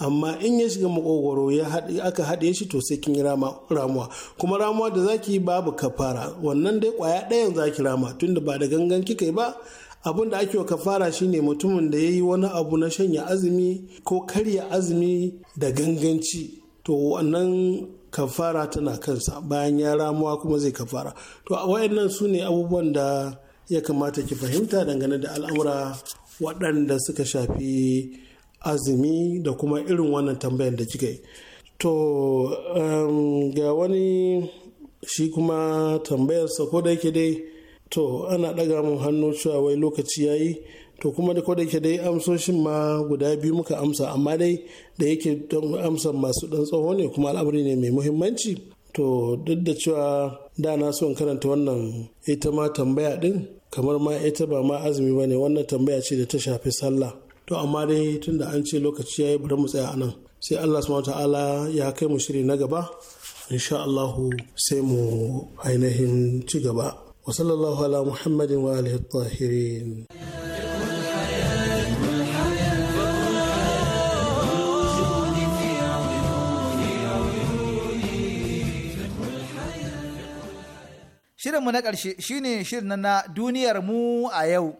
Speaker 6: amma in ya shiga makogoro ya aka haɗe shi to sai kin yi ramuwa kuma ramuwa da zaki yi babu kafara wannan dai kwaya ɗayan zaki rama tunda ba da gangan kika yi ba abin da ake wa kafara shine mutumin da ya yi wani abu na shanya azumi ko karya azumi da ganganci to wannan kafara tana kansa bayan ya ramuwa kuma zai kafara to a wayannan su ne abubuwan da ya kamata ki fahimta dangane da al'amura waɗanda suka shafi azumi da kuma irin wannan tambayar da kika yi to um, ga wani shi kuma tambayarsa ko da yake dai to ana ɗaga mun hannu cewa wai lokaci ya yi to kuma da kwada ke dai amsoshin ma guda biyu muka amsa amma dai da yake amsa masu dan tsawo ne kuma al'amari ne mai muhimmanci to duk da cewa da na son karanta wannan ita ma tambaya din kamar ma ita ba ma azumi ba ne wannan tambaya ce da ta shafi sallah to amma dai tun da an ce lokaci ya yi bari mu tsaya anan sai Allah subhanahu ta'ala ya kai mu shiri na gaba insha Allahu sai mu ainihin ci gaba wa sallallahu ala muhammadin wa alihi tahirin
Speaker 1: Shirinmu na ƙarshe shine shirin na duniyar mu a yau.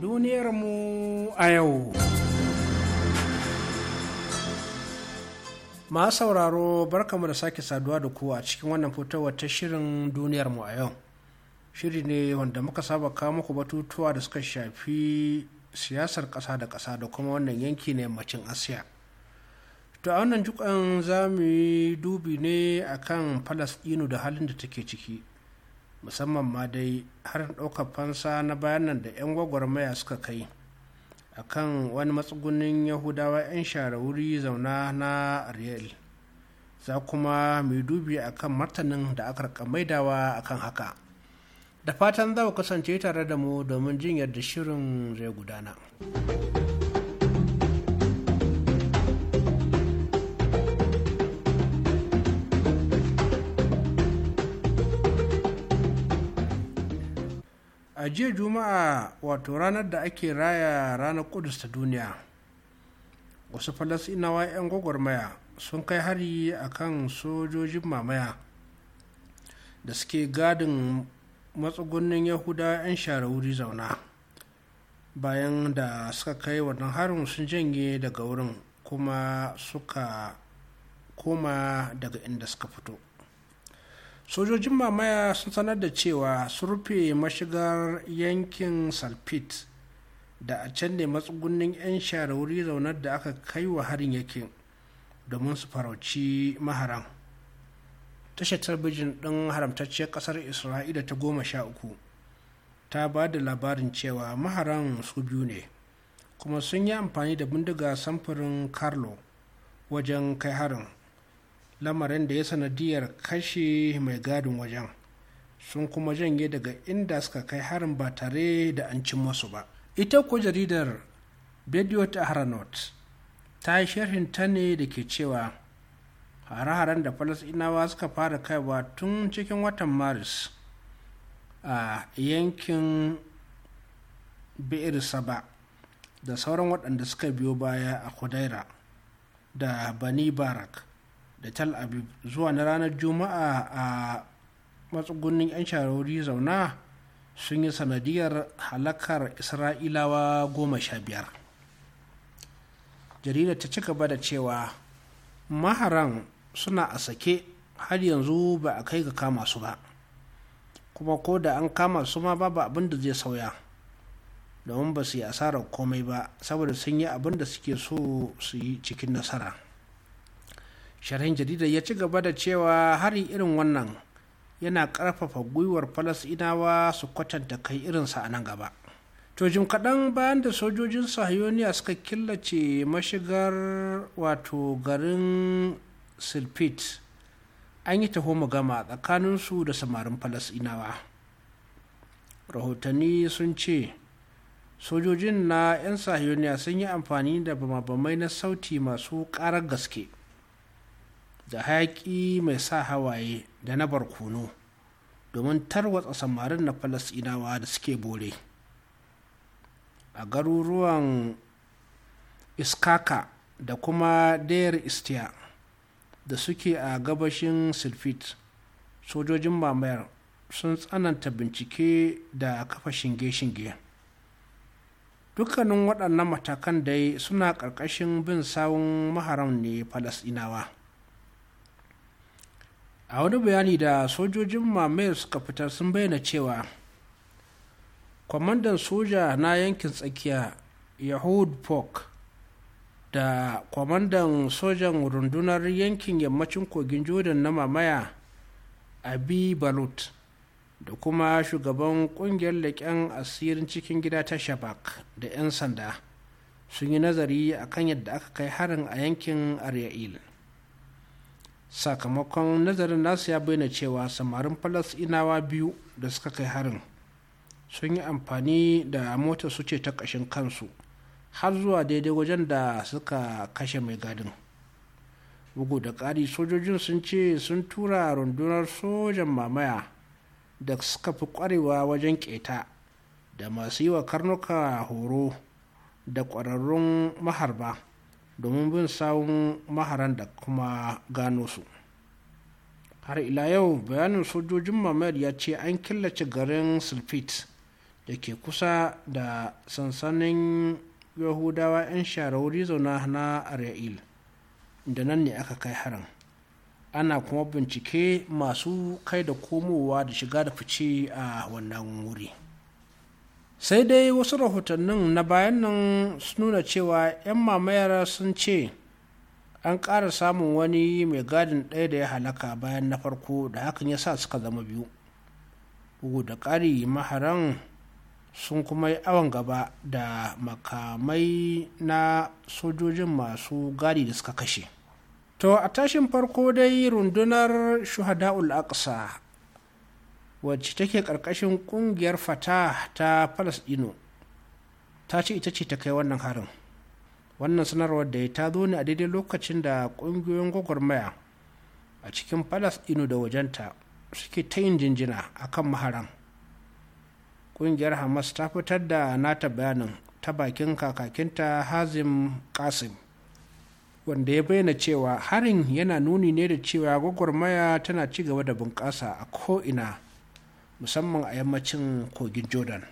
Speaker 7: Duniyar mu a yau. Ma sauraro barkamu da sake saduwa da ku a cikin wannan fitowa ta shirin duniyar mu a yau. Shiri ne wanda muka saba kawo muku batutuwa da suka shafi siyasar ƙasa da ƙasa da kuma wannan yanki na yammacin asiya to a wannan jukan za mu yi dubi ne akan falasɗinu da halin da take ciki musamman ma dai har ɗaukar fansa na bayanan da 'yan gwagwarmaya suka kai akan wani matsugunin yahudawa 'yan shara wuri zauna na ariel za kuma mai dubi akan martanin da aka maidawa akan haka da fatan za ku kasance tare da mu domin jin yadda shirin zai gudana. a jiya juma'a wato ranar da ake raya ranar kudus ta duniya wasu falasinawa 'yan gwagwarmaya sun kai hari akan sojojin mamaya da suke gadin matsugunnin yahuda 'yan share wuri zauna bayan da suka kai wannan harin sun janye daga wurin kuma suka koma daga inda suka fito sojojin mamaya sun sanar da cewa sun rufe mashigar yankin salpit da a can ne matsugunin 'yan share wuri zaunar da aka kai wa harin yake domin su farauci maharan tashar talabijin ɗin haramtacciyar ƙasar isra'ila ta goma sha uku ta ba da labarin cewa maharan su biyu ne kuma sun yi amfani da bindiga samfurin carlo wajen kai harin lamarin da ya sanadiyar kashe mai gadin wajen sun kuma janye daga inda suka kai harin ba tare da an cin masu ba ita ko jaridar bediot aranot ta yi sharhin ta ne da ke cewa hare-haren da falasinawa suka fara kaiwa tun cikin watan maris a yankin bi'ir saba da sauran waɗanda suka biyo baya a kudaira da bani barak da tel aviv zuwa na ranar juma'a a matsugunin 'yan sharori zauna sun yi sanadiyar halakar isra'ilawa goma sha biyar jaridar ta ci gaba da cewa maharan suna a sake har yanzu ba a kai ga kama su ba kuma ko da an kama su ma babu abin da zai sauya domin ba su yi asarar komai ba saboda sun yi abin da suke so su yi cikin nasara sharhin jaridar ya ci gaba da cewa hari irin wannan yana karfafa gwiwar falasinawa su kwatanta kai irinsa a nan gaba to jim kaɗan bayan da sojojin sahiyoniya suka killace mashigar wato garin sulfit an yi taho gama tsakaninsu da samarin falasinawa rahotanni sun ce sojojin na 'yan sahiyoniya sun yi amfani da bamabamai na sauti masu karar gaske da hayaki mai sa hawaye da na barkono domin tarwatsa samarin na falasinawa da suke bore a garuruwan iskaka da kuma dayar istiya da suke a gabashin sulfit sojojin mamayar sun tsananta bincike da kafa shinge-shinge dukkanin waɗannan matakan dai suna ƙarƙashin bin sawun maharam ne falasɗinawa a wani bayani da sojojin mamayar suka fitar sun bayyana cewa kwamandan soja na yankin tsakiya yahud pork da kwamandan sojan rundunar yankin yammacin kogin jordan na mamaya abi balut da kuma shugaban kungiyar leƙen asirin cikin gida ta shabak da 'yan sanda sun yi nazari a kan yadda aka kai harin a yankin arya'il sakamakon nazarin nasu ya bayyana cewa samarin falasinawa biyu da suka kai harin sun yi amfani da mota su ce ta ƙashin kansu har zuwa daidai wajen da suka kashe mai gadin bugu da ƙari sojojin sun ce sun tura rundunar sojan mamaya da suka fi ƙwarewa wajen keta da masu yi wa karnuka horo da ƙwararrun maharba domin bin sawun maharan da kuma gano su har ila yau bayanin sojojin mamayar ya ce an killace garin sulfit da ke kusa da sansanin yahudawa 'yan shahararri zauna na arya'il da nan ne aka kai harin ana kuma bincike masu kai da komowa da shiga da fice a wannan wuri sai dai wasu rahotannin na bayan nan sun nuna cewa 'yan mamayar sun ce an ƙara samun wani mai gadin ɗaya da ya halaka bayan na farko da hakan ya sa suka zama biyu bugu da ƙari maharan sun kuma yi awon gaba da makamai na sojojin masu gadi da suka kashe to a tashin farko dai rundunar shuhada'ul aqsa wacce take karkashin kungiyar fata ta palestino ta ce ita ce ta kai wannan harin wannan sanarwar da ta zo ne a daidai lokacin da kungiyoyin gwagwarmaya a cikin palestino da wajenta suke ta yin jinjina a kan maharan ƙungiyar hamas ta fitar da nata bayanin ta bakin kakakinta hazim kasim wanda ya bayyana cewa harin yana nuni ne da cewa gwagwarmaya tana ci gaba da bunƙasa a ko'ina musamman a yammacin kogin jordan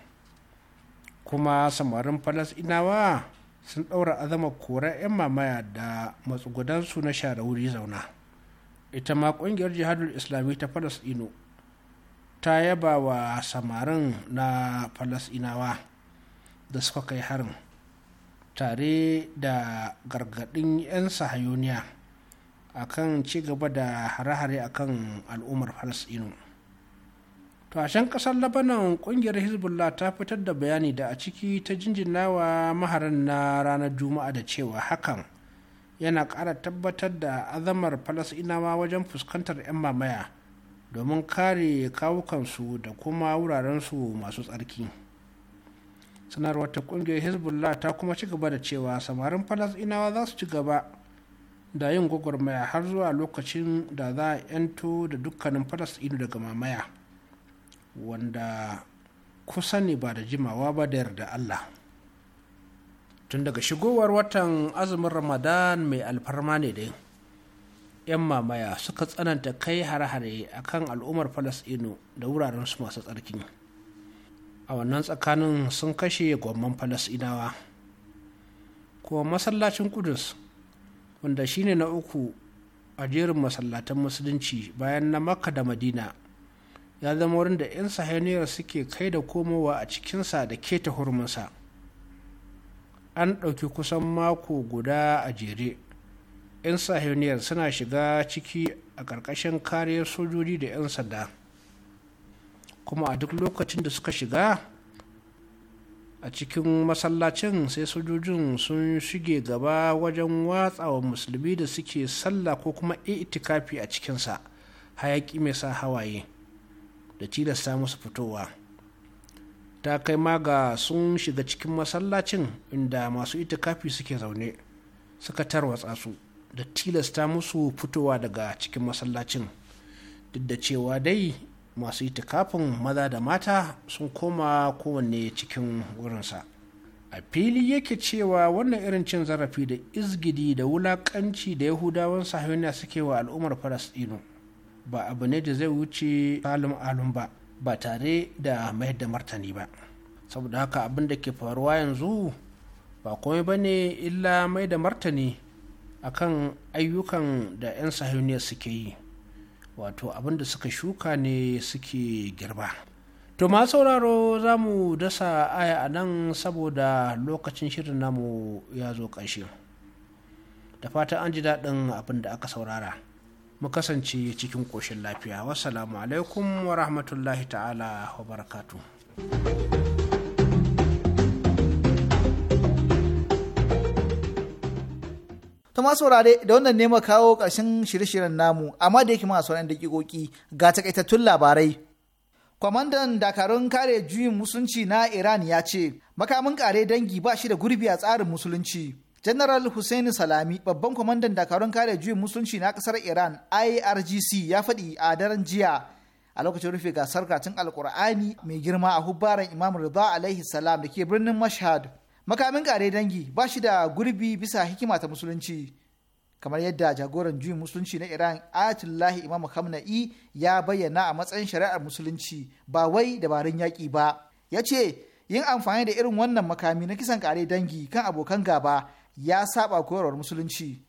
Speaker 7: kuma samarin falasinawa sun ɗaura azama kora 'yan mamaya da matsugudansu na share wuri zauna ita ma ƙungiyar jihadul islami ta falasino ta yaba wa samarin na falasinawa da suka kai harin tare da gargaɗin 'yan sahayoniya a kan gaba da hare-hare a kan al'ummar falasinu tashen ƙasar labanan ƙungiyar hezbollah ta fitar da bayani da a ciki ta jinjinawa maharan na ranar juma'a da cewa hakan yana ƙara tabbatar da azamar falasinawa wajen fuskantar 'yan mamaya domin kare kawukansu da kuma wurarensu masu tsarki sanarwar ta kungiyar hezbollah ta kuma ci gaba da cewa samarin falasinawa za su ci gaba da yin gwagwarmaya har zuwa lokacin da za a 'yanto da dukkanin falasinu daga mamaya wanda kusa ne ba da jimawa ba da yarda allah tun daga shigowar watan azumin ramadan mai alfarma ne dai 'yan mamaya suka tsananta kai hare-hare a kan al'ummar falasɗinu da wuraren su masu tsarki a wannan tsakanin sun kashe gwamman falasɗinawa kuma masallacin kudus wanda shine na uku a jerin masallatan musulunci bayan na makka da madina ya zama wurin da 'yan sahaniyar suke kai da komowa a cikinsa da keta hurminsa an ɗauki kusan mako guda a jere 'yan sahiyoniyar suna shiga ciki a ƙarƙashin kariyar sojoji da 'yan sanda kuma a duk lokacin da suka shiga a cikin masallacin sai sojojin sun shige gaba wajen watsawa musulmi da suke sallah ko kuma itikafi a cikinsa hayaƙi mai sa hawaye da tilasta musu fitowa. ta kai ma ga sun shiga cikin masallacin inda masu itikafi suke zaune suka tarwatsa su da tilasta musu fitowa daga cikin masallacin duk da cewa dai masu itikafin maza da mata sun koma kowanne cikin wurinsa a fili yake cewa wannan irin cin zarafi da izgidi da wulakanci da yahudawan sahiyoniya suke wa al'ummar falasɗinu ba abu ne da zai wuce alum alum ba ba tare da mayar da martani ba saboda haka abin da ke faruwa yanzu ba komai ba ne illa mai da martani akan ayyukan da 'yan sahiyoniya suke yi wato abin da suka shuka ne suke girba to ma sauraro za mu dasa aya a nan saboda lokacin shirin namu ya zo ƙarshe da fatan an ji daɗin abin da aka saurara mu kasance cikin ƙoshin lafiya wassalamu alaikum wa rahmatullahi ta'ala wa barakatu.
Speaker 1: ta ma saurare da wannan ne kawo ƙarshen shirye-shiryen namu amma da yake masu wani dakikoki ga takaitattun labarai. Kwamandan dakarun kare juyin musulunci na Iran ya ce makamin kare dangi ba shi da gurbi a tsarin musulunci. General Hussein Salami babban kwamandan dakarun kare juyin musulunci na ƙasar Iran IRGC ya faɗi a daren jiya a lokacin rufe gasar katin alkur'ani mai girma a hubbaran Imam Rida alaihi salam da ke birnin Mashhad. makamin kare dangi ba shi da gurbi bisa hikima ta musulunci kamar yadda jagoran juyin musulunci na iran ayatullahi imam khamenei ya bayyana a matsayin shari'ar musulunci ba wai dabarun yaƙi ba ya ce yin amfani da irin wannan makami na kisan kare dangi kan abokan gaba ya saba koyarwar musulunci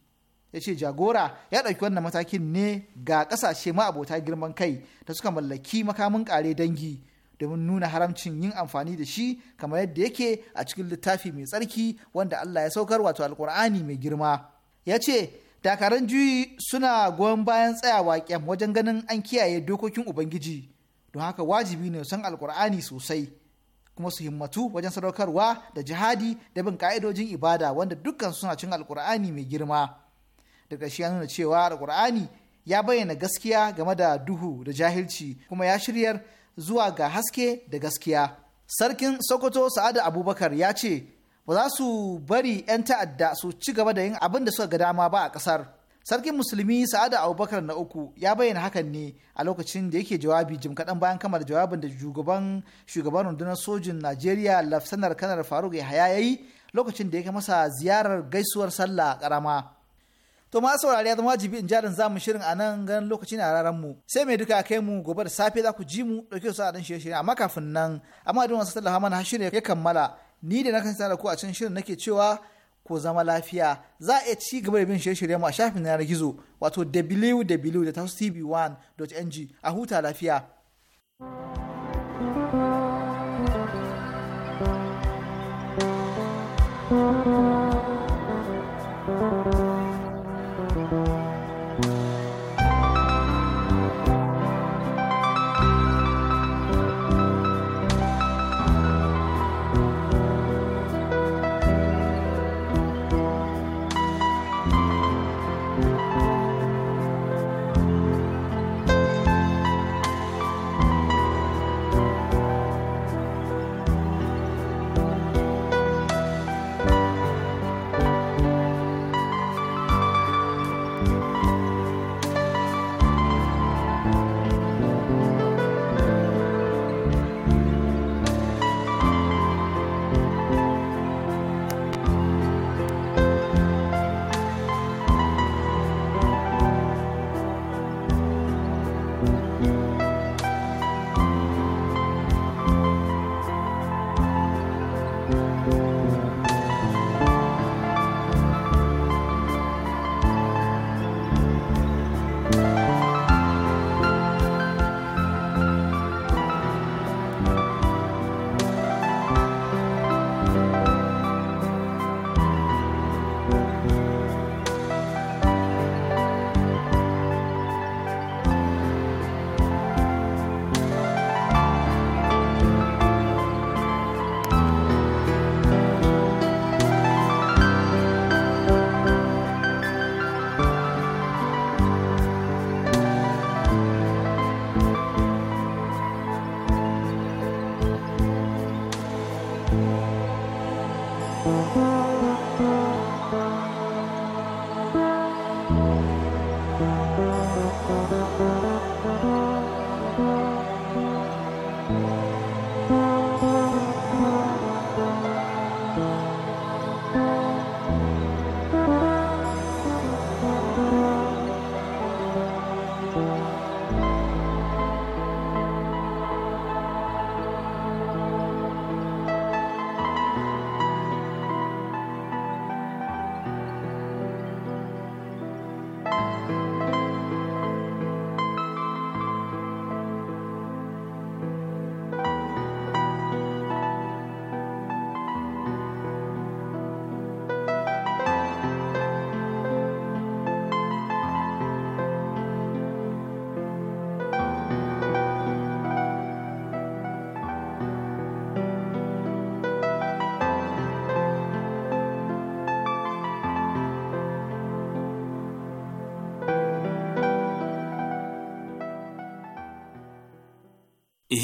Speaker 1: ya ce jagora ya ɗauki wannan matakin ne ga ƙasashe ma ma'abota girman kai da suka mallaki makamin kare dangi domin nuna haramcin yin amfani da shi kamar yadda yake a cikin littafi mai tsarki wanda Allah ya saukar wato alkur'ani mai girma ya ce dakaran juyi suna goyon bayan tsayawa kyam wajen ganin an kiyaye dokokin ubangiji don haka wajibi ne san alkur'ani sosai kuma su himmatu wajen sadaukarwa da jihadi da bin ka'idojin ibada wanda dukkan suna cin alkur'ani mai girma Daga shi ya nuna cewa alkur'ani ya bayyana gaskiya game da duhu da jahilci kuma ya shiryar zuwa ga haske da gaskiya sarkin sokoto sa'adu abubakar ya ce ba za su bari 'yan ta'adda su ci gaba da yin abin da suka ga dama ba a ƙasar sarkin musulmi sa'adu abubakar na uku ya bayyana hakan ne a lokacin da yake jawabi jim kaɗan bayan kamar jawabin da shugaban shugaban rundunar sojin najeriya lafsanar kanar faruk yahaya ya yi lokacin da yake masa ziyarar gaisuwar sallah ƙarama To ma saurari ya zama wajibi in jarin zamu shirin a nan ganin lokaci na raran mu. Sai mai duka kai mu gobe da safe za ku ji mu dauke su a dan shirye shirye amma kafin nan amma don wasu tallafa mana shirin ya kammala ni da na sanar da ku a cikin shirin nake cewa ko zama lafiya za a iya ci gaba da bin shirye-shirye mu a shafin yanar gizo wato www.tv1.ng a huta lafiya.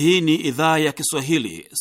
Speaker 5: Hii ni idhaa ya Kiswahili,